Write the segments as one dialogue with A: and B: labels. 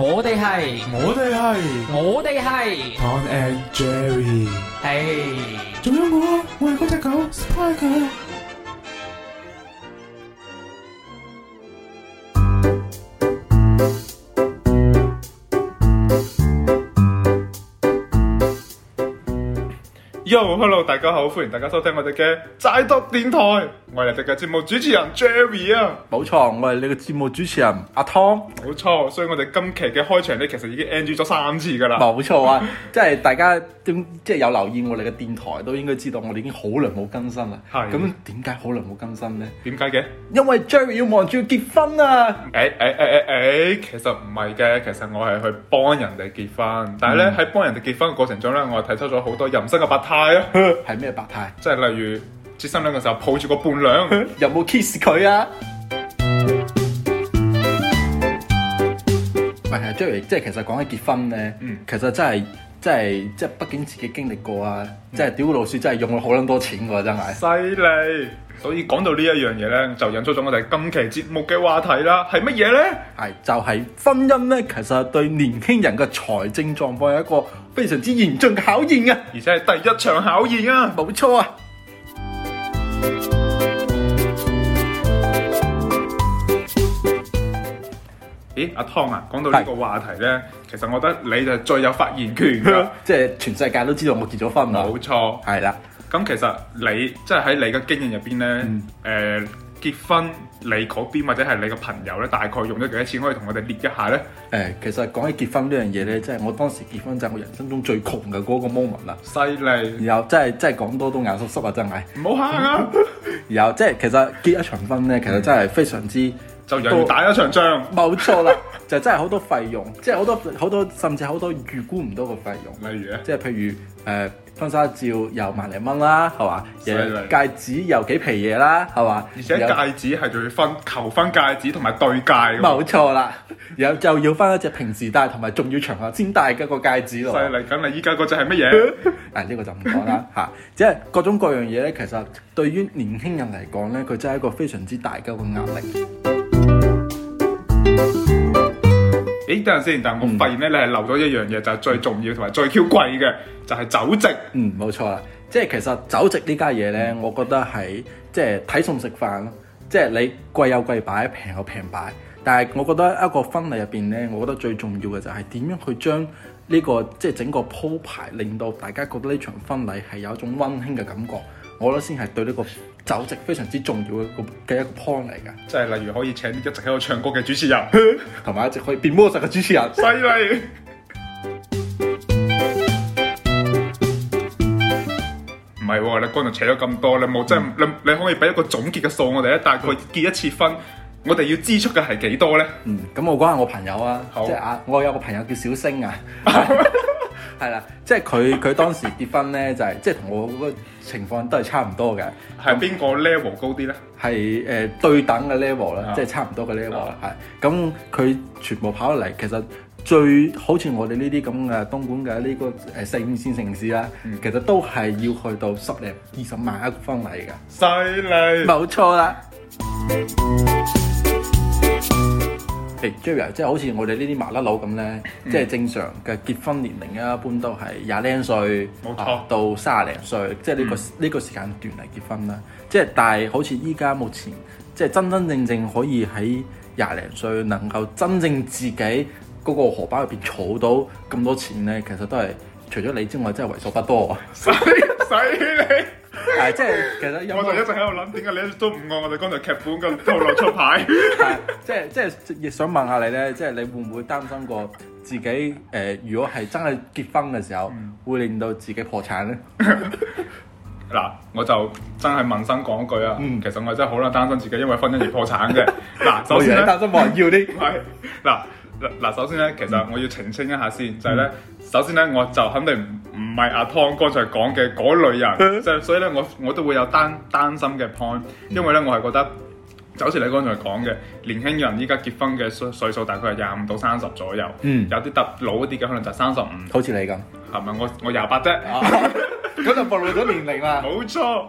A: 我哋係，
B: 我哋係，我哋係，Tom and Jerry，係，
C: 仲有我，我係嗰隻狗，Spike 狗。
B: Yo，Hello，大家好，歡迎大家收聽我哋嘅齋讀電台。我係我哋嘅節目主持人 Jerry 啊。
A: 冇錯，我係你嘅節目主持人阿湯，冇錯。所以我哋今期嘅開場咧，其實已經 NG 咗三次噶啦。冇錯啊， 即係大家點即係有留意我哋嘅電台，都應該知道我哋已經好耐冇更新啦。係咁點解好耐冇更新咧？點解嘅？因為 Jerry 要忙住結婚啊！
B: 誒誒誒誒誒，其實唔係嘅，其實我係去幫人哋結婚，但係咧，喺幫人哋結婚嘅過程中咧，我提出咗好多人生嘅係 啊，係咩白態？即係例如接新娘嘅時候抱住個伴娘，有冇 kiss 佢啊？
A: 唔係啊 ，Jerry，即係其實講緊結婚咧，嗯、其實真係。即係即係，畢竟自己經歷過啊！即係屌老鼠，啊，真係用咗好多錢噶，真係。
B: 犀利！所以講到呢一樣嘢呢，就引出咗我哋今
A: 期節目嘅話題啦。係乜嘢呢？係就係、是、婚姻呢，其實對年輕人嘅財政狀況有一個非常之嚴峻嘅考驗啊，而且係第一場考驗啊！冇錯啊！
B: 咦，阿湯啊，講到呢個話題咧，是其實我覺得你就最有發言權㗎，即係全世界都知道我結咗婚啦。冇錯，係啦的。咁其實你即係喺你嘅經驗入邊咧，誒、嗯呃、結婚你
A: 嗰邊或者係你嘅朋友咧，大概用咗幾多錢可以同我哋列一下咧？誒、欸，其實講起結婚呢樣嘢咧，即、就、係、是、我當時結婚就係我人生中最窮嘅嗰個 moment 啦。犀利害！然後即係即係講多都眼濕濕啊，真係。 唔好喊啊！然後即係其實結一場婚咧，其實真係非常之～ 就又要打一場仗，哦，冇錯啦， 就真係好多費用， 即係好多好多，甚至好多預估唔到嘅費用。例如即係譬如誒婚紗照又萬零蚊啦，係嘛？有戒指又幾皮嘢啦，係嘛？而且戒指係仲要分求婚戒指同埋對戒，冇錯啦。有 就要翻一隻平時戴同埋仲要長下先戴嘅個戒指咯。犀利咁啊！依家 個就係乜嘢？啊呢個就唔講啦嚇，即係各種各樣嘢咧。其實對於年輕人嚟講咧，佢真係一個非常之大嘅一個壓力。
B: 等陣先，但係我發現咧，你係
A: 留咗一樣嘢，就係最重要同埋最 Q 貴嘅，就係、是、酒席。嗯，冇錯啊，即係其實酒席呢家嘢呢，嗯、我覺得係即係睇餸食飯咯，即係你貴有貴擺，平有平擺。但係我覺得一個婚禮入邊呢，我覺得最重要嘅就係點樣去將呢、這個即係整個鋪排，令到大家覺得呢場婚禮係有一種溫馨嘅感覺。我覺得先係對呢個酒席非常之重要嘅一個嘅一個 point 嚟㗎，即
C: 係
B: 例如可以請一直喺度唱歌嘅主持人，同埋一直可以變魔術嘅主持人。犀利。唔係，你今日扯咗咁多，你冇真係你你可以俾一個總結嘅數我哋啊？大概結一次婚，
A: 我哋要支出嘅係幾多咧？嗯，咁我講下我朋友啊，即係阿我有個朋友叫小星啊。 係啦，即係佢佢當時結婚咧，就係、是、即係同我嗰個情況都係差唔多嘅。係邊個 level 高啲咧？係誒、呃、對等嘅 level 啦，即係差唔多嘅 level 啦。係咁，佢全部跑落嚟，其實最好似我哋呢啲咁嘅東莞嘅呢個誒四五線城市啦，mm. 其實都係要去到十零二十萬一個方米嘅。犀利害！冇錯啦。 即係、hey、好似我哋呢啲麻甩佬咁呢，即、就、係、是、正常嘅結婚年齡咧，一般都係廿零歲，冇錯，到卅零歲，即係呢個呢、嗯、個時間段嚟結婚啦。即、就、係、是、但係好似依家目前，即、就、係、是、真真正正可以喺廿零歲能夠真正自己嗰個荷包入邊儲到咁多錢呢，其實都係除咗你之外，真係為數不多啊！ 誒，即係其實我就一直喺度諗，點解你都唔按我哋剛才劇本嘅套路出牌？即係即係亦想問下你咧，即係你會唔會擔心過自己誒？如果係真係結婚嘅時候，會令到自己破產咧？
B: 嗱，我就真係問心講句啊，其實我真係好啦，擔心自己因為婚姻而破產嘅。嗱，首先咧，擔心冇人要啲，係嗱嗱，首先咧，其實我要澄清一下先，就係咧，首先咧，我就肯定賣阿湯，啊、湯剛才講嘅嗰類人，就 所以咧，我我都會有擔擔心嘅 point，因為咧，我係覺得，就好似你剛才講嘅，年輕人依家結婚嘅歲歲數大概係廿五到三十左右，嗯，有啲特老啲嘅可能就三十
A: 五，好似你咁，係
B: 咪？我我廿八啫，
C: 咁就
B: 暴露咗年齡啦，冇錯。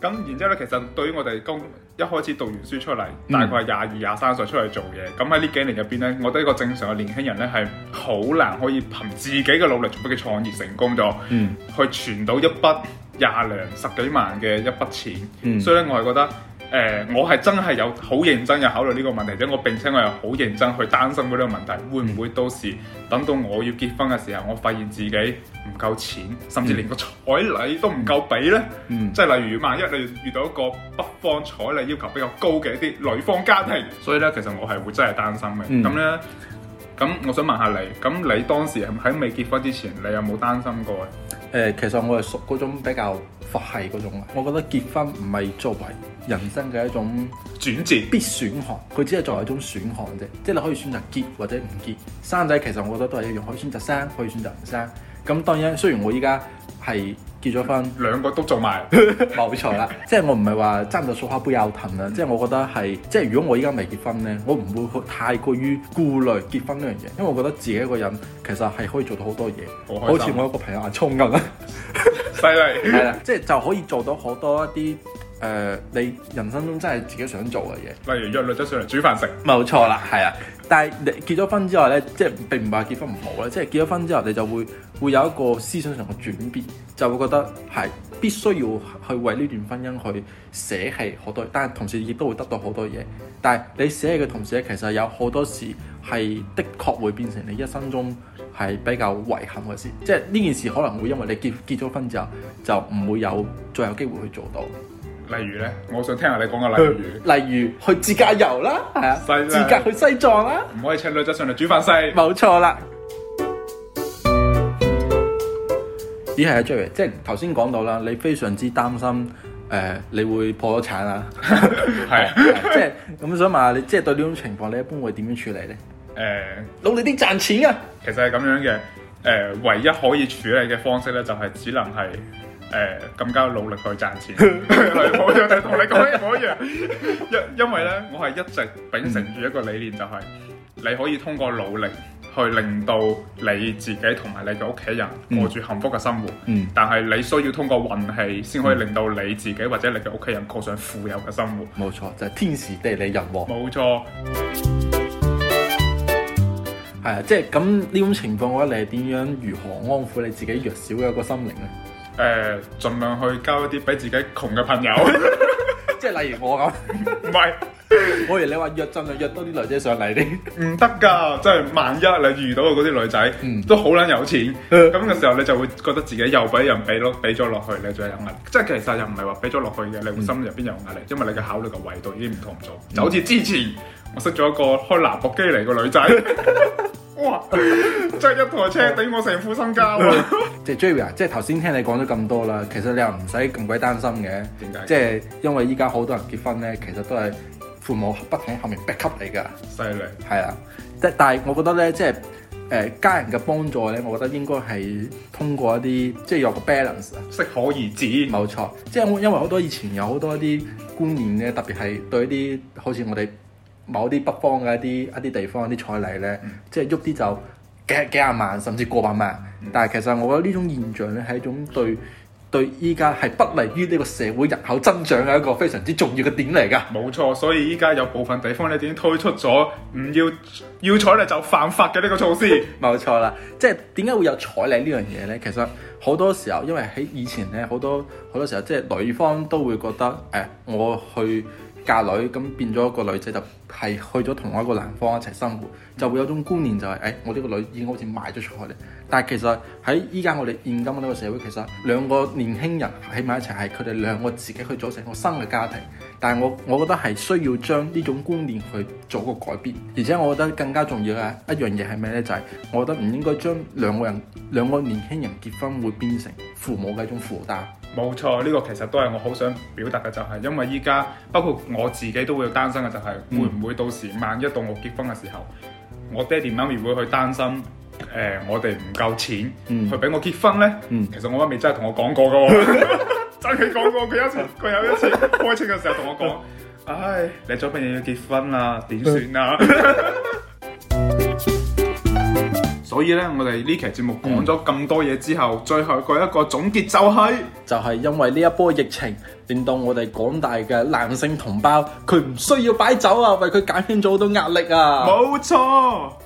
B: 咁然之後咧，其實對於我哋剛一開始讀完書出嚟，嗯、大概係廿二廿三歲出嚟做嘢，咁喺呢幾年入邊咧，我覺得一個正常嘅年輕人咧，係好難可以憑自己嘅努力做乜佢創業成功咗，嗯、去存到一筆廿零十,十幾萬嘅一筆錢，嗯、所以咧我係覺得。誒、呃，我係真係有好認真嘅考慮呢個問題，即我並且我係好認真去擔心呢個問題，會唔會到時等到我要結婚嘅時候，我發現自己唔夠錢，甚至連個彩禮都唔夠俾呢？嗯、即係例如萬一你遇到一個北方彩禮要求比較高嘅一啲女方家庭，嗯，所以呢，其實我係會真係擔心嘅。咁、嗯、呢，咁我想問，問下你，咁你
A: 當時喺未結婚之前，你有冇擔心過？誒、呃，其實我係屬嗰種比較佛系嗰種嘅。我覺得結婚唔係作為人生嘅一種轉折必選項，佢只係作為一種選項啫。即你可以選擇結或者唔結，生仔其實我覺得都係一樣，可以選擇生，可以選擇唔生。咁當然，雖然我依家係。結咗婚，兩個都做埋， 冇錯啦。即係我唔係話爭到數下杯又騰啦。即係我覺得係，即係如果我依家未結婚咧，我唔會太過於顧慮結婚呢樣嘢，因為我覺得自己一個人其實係可以做到好多嘢，好似我一個朋友阿聰咁啊，犀 利。係啦， 即係就可以做到好多一啲。誒、呃，你人生中真係自己想做嘅嘢，例如約女仔上嚟煮飯食，冇錯啦，係啊。但係你結咗婚之後呢，即係並唔話結婚唔好咧，即係結咗婚之後，你就會會有一個思想上嘅轉變，就會覺得係必須要去為呢段婚姻去捨棄好多，但係同時亦都會得到好多嘢。但係你捨棄嘅同時呢，其實有好多事係的確會變成你一生中係比較遺憾嘅事，即係呢件事可能會因為你結結咗婚之後，就唔會有再有機會去做到。例如咧，我想聽下你講個例如。例如去自駕遊啦，係啊，亞自駕
B: 去西藏啦，唔可以請女仔上嚟煮飯西冇錯啦。
A: 咦係、嗯、啊 j a r i e 即係頭先講到啦，你非常之擔心誒、呃，你會破咗產啊，係 啊，即係咁想問下你，即係對呢種情況，你一般會點樣處理咧？誒，努力啲賺錢啊！其實係咁
B: 樣嘅，誒、呃，唯一可以處理嘅方式咧，就係只能係。誒，更加努力去賺錢， 我就同你講一樣，因因為咧呢，嗯、我係一直秉承住一個理念，就係你可以通過努力去令到你自己同埋你嘅屋企人過住幸福嘅生活，嗯嗯、但係你需要通過運氣先可以令到你自己或者你嘅屋企人過上富有嘅生活。冇錯，就係、天時地利人和。
A: 冇錯，係啊，即係咁呢種情況嘅話，你係點樣如何安撫你自己弱小嘅一個心靈呢？誒、呃，盡量去
B: 交一啲比自己窮嘅朋友， 即係例如我咁。唔係，我而你話約真係約多啲女仔上嚟，唔得噶。即係萬一你遇到嗰啲女仔、嗯、都好捻有錢，咁嘅、嗯、時候你就會覺得自己又俾人俾咯，俾咗落去你仲有壓力。嗯、即係其實又唔係話俾咗落去嘅，你會心入邊有壓力，因為你嘅考慮嘅維度已經唔同咗。嗯、就好似之
A: 前我
B: 識咗一個開蘭博基尼嘅女仔。嗯 哇！即一台車
A: 頂我成副身家喎！即 Joey 啊，即頭先聽你講咗咁多啦，其實你又唔使咁鬼擔心嘅，點解？即因為依家好多人結婚咧，其實都係父母不停後面逼畀你噶，犀利害！係啊，但但係我覺得咧，即、就、誒、是呃、家人嘅幫助咧，我覺得應該係通過一啲即、就是、有個 balance 啊，適可而止，冇錯。即、就是、因為好多以前有好多一啲觀念咧，特別係對一啲好似我哋。某啲北方嘅一啲一啲地方啲彩禮咧，嗯、即係喐啲就幾幾廿萬，甚至過百萬。嗯、但係其實我覺得呢種現象咧係一種對對依家係不利於呢個社會人口增長嘅一個非常之重要嘅點嚟㗎。冇錯，所以依家有部分地方咧已經推出咗唔要要彩禮就犯法嘅呢個措施。冇 錯啦，即係點解會有彩禮呢樣嘢咧？其實好多時候，因為喺以前咧，好多好多時候，即係女方都會覺得誒、呃，我去。嫁女咁，變咗個女仔就係、是、去咗同一個男方一齊生活，就會有種觀念就係、是，誒、欸，我呢個女已經好似賣咗出去喇。但其實喺依家我哋現今呢個社會，其實兩個年輕人喺埋一齊係佢哋兩個自己去組成一個新嘅家庭。但係我，我覺得係需要將呢種觀念去做個改變，而且我覺得更加重要嘅一樣嘢係咩呢？就係、是、我覺得唔應該將兩個人兩個年輕人結婚會變成父母嘅一種負擔。冇錯，呢、
B: 這個其實都係我好想表達嘅，就係、是、因為依家包括我自己都會有擔心嘅，就係、是、會唔會到時，萬一到我結婚嘅時候，我爹哋媽咪會去擔心、呃、我哋唔夠錢去俾、嗯、我結婚呢？嗯、其實我媽咪真係同我講過㗎喎。 佢講過，佢有佢有一次開車嘅時候同我講：唉，你準備要結婚啦，點算啊？所以咧，我
A: 哋呢期節目講咗咁多嘢之後，最後一個總結就係，就係因為呢一波疫情，令到我哋廣大嘅男性同胞，佢唔需要擺酒啊，為佢減輕咗好多壓力啊！冇
C: 錯。